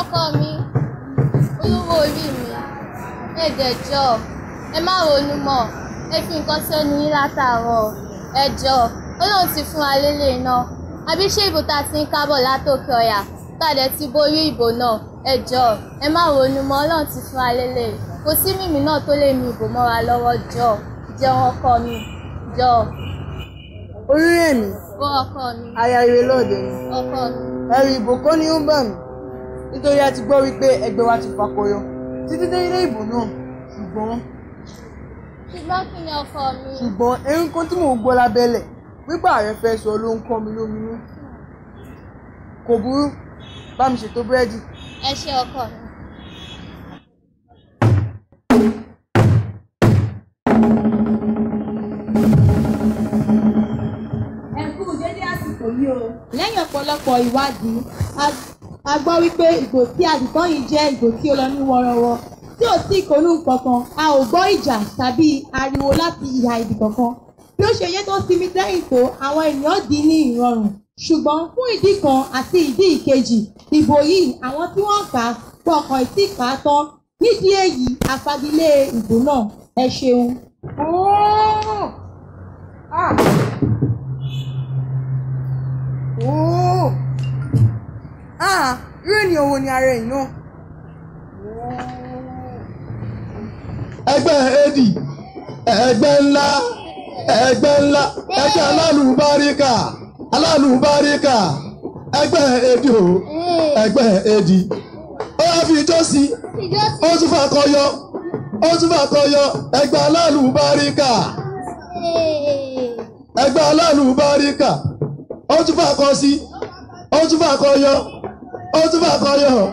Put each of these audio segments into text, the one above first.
ọkọ mi olówó orí mi ẹ dẹjọ́ ẹ má ronú mọ́ ẹ fi nǹkan tí ó ní yín látàárọ̀ ẹ jọ Ọlọ́run ti fún wa lélẹ̀ náà àbí ṣé ìbò tá a ti ń kábọ̀ látòkè ọ̀yà tá a dẹ̀ ti borí ìbò náà ẹ jọ ẹ má ronú mọ́ Ọlọ́run ti fún wa lélẹ̀ kò sí mímì náà tó lè mi ìbò mọ́ wa lọ́wọ́ jọ jẹun ọkọ mi jọ. Olúrẹ̀mí. Ó ọkọ mi. Aya ire lóde. Ọkọ mi. Ẹ̀rù ìbò kọ́ ni ó bà mí nítorí a ti gbọ́ wípé ẹgbẹ́ wa ti fakọyọ títí dé ilé ìbò náà ṣùgbọ́n. ṣùgbọ́n kí ni ọkọ mi. ṣùgbọ́n erin kan tí mò ń gbọ́ lábẹ́lẹ̀ wípé ààrẹ fẹ́ sọ ló ń kọ́ mi lóminú. kò burú bá mi ṣètò búrẹ́dì. ẹ ṣe ọkọ mi. ẹ kú dédé lẹ́yìn ọ̀pọ̀lọpọ̀ ìwádìí a gbọ́ wípé ìgò tí àdìtàn yìí jẹ́ ìgò tí ó lọ ní wọ́rọ́wọ́ tí ò sí ìkónú kankan a ò gbọ́ ìjà tàbí ariwo láti ìhà ibì kankan bí ó ṣe yẹ tó sinmi lẹ́yìn tó àwọn ènìyàn dín ní ìrọ̀rùn ṣùgbọ́n fún ìdí kan àti ìdí ìkejì ìbò yìí àwọn tí wọ́n kà á gbọ́kàn ìtì kà á tán nídìí èyí àfagilé ìbò náà ẹ ṣeun. Egbe ni ara ẹ̀yìn náà. ẹgbẹ́ edi ẹgbẹ́ ńlá ẹgbẹ́ ńlá ẹgbẹ́ alálùbáríkà alálùbáríkà ẹgbẹ́ edi o ẹgbẹ́ edi ó yà fi ijó akọ ó tún fà yọ ó tún fà kọyọ ẹgbẹ́ alálùbáríkà ẹgbẹ́ alálùbáríkà ó ó túbọ̀ àkọ́rẹ́ ọ̀.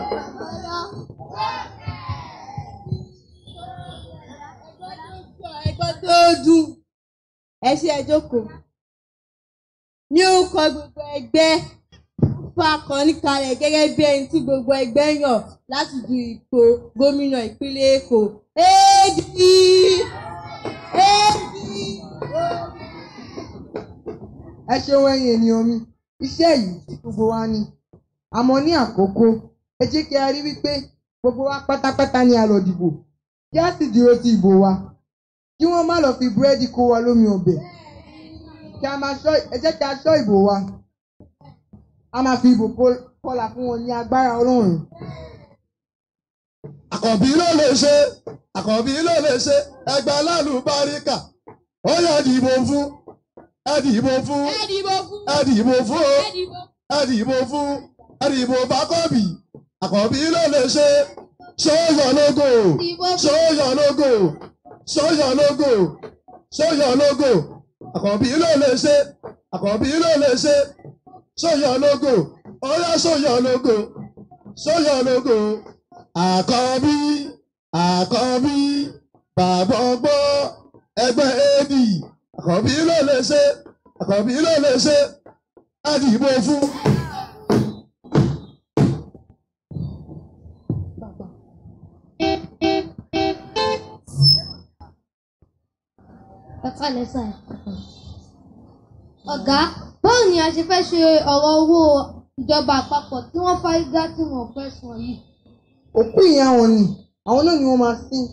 tó ẹ ṣe ẹ kò. ní orúkọ gbogbo ẹgbẹ fún gẹ́gẹ́ bí ẹni tí gbogbo ẹgbẹ́ yàn láti du ipò gómìnà ìpínlẹ̀ Èkó éèdì éèdì. ẹ yìí gbogbo wa àmọ́ ní àkókò ẹ jẹ́ kí a rí wípé gbogbo wa pátápátá ni a lọ dìbò kí a sì dúró sí ìbò wa kí wọ́n má lọ fi búrẹ́dì kó wa lómi ọbẹ̀ kí a máa ṣọ́ ẹ jẹ́ kí a ṣọ́ ìbò wa a máa fi ìbò kọlà fún wọn ní agbára Ọlọ́run. Àkànbí ló lè ṣe Àkànbí ló lè ṣe ẹgbẹ́ alálùbáríkà ó yẹ dìbò fún ẹ dìbò fún ẹ dìbò fún ẹ dìbò fún ẹ dìbò fún àdìbò bá kọ́bì àkọ́bí ló lè ṣe ṣọ́ọ̀yọ̀ lógo ṣọ́ọ̀yọ̀ lógo ṣọ́ọ̀yọ̀ lógo ṣọ́ọ̀yọ̀ lógo àkọ́bí ló lè ṣe àkọ́bí ló lè ṣe ṣọ́ọ̀yọ̀ lógo ọ̀yá ṣọ́ọ̀yọ̀ lógo ṣọ́ọ̀yọ̀ lógo àkọ́bí àkọ́bí bàbá ọgbọ́ ẹgbẹ́ ad àkọ́bí ló lè ṣe àkọ́bí ló lè ṣe àdìbò fún. ẹ̀ka lẹ́sà ẹ̀. ọ̀gá báwo ni a ṣe fẹ́ ṣe ọ̀rọ̀ owó ìjọba àpapọ̀ tí wọ́n fárígá tí wọ́n fẹ́ san yìí. òkú ìyá wọn ni àwọn náà ni wọ́n máa sin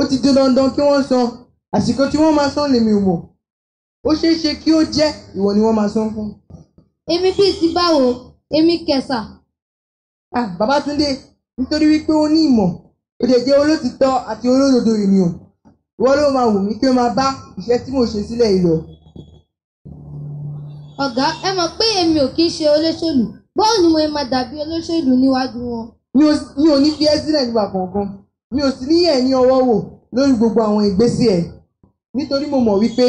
ó ti di dandan kí wọ́n san àsìkò tí wọ́n máa san lèmi wọ̀ ó ṣeé ṣe kí ó jẹ́ ìwọ ni wọ́n máa san fún. èmi bíi ti báwo èmi kẹsà. ah Babátúndé nítorí wípé ó ní ìmọ̀ ó dẹ̀ jẹ́ olótìtọ́ àti olódodo ènìyàn wọ́n ló máa wù mí pé máa bá iṣẹ́ tí mò ń ṣe sílẹ̀ yìí lọ. ọ̀gá ẹ mọ̀ pé èmi ò kì í ṣe olóṣèlú báwo ni mo máa dàbí olóṣèlú níwájú wọn. mi ò ní fi ẹ́ sílẹ̀ nígbà kankan mi ò sì ní yẹ̀ ní ọwọ́ wò lórí gbogbo àwọn ìgbésí ẹ̀ nítorí mo mọ̀ wípé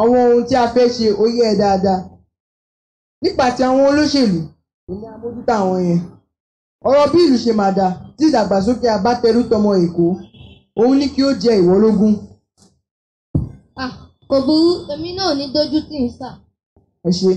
àwọn ohun tí a fẹ́ ṣe ó yẹ ẹ dáadáa nípa ti àwọn olóṣèlú kò ní amójútó àwọn yẹn ọ̀rọ̀ bí ìlú ṣe máa dà tí ìdàgbàsókè abátẹrù tọmọ Èkó òun ní kí ó jẹ ìwọ lógún. kò burú èmi náà ní dojú tì í sà. ẹ ṣe.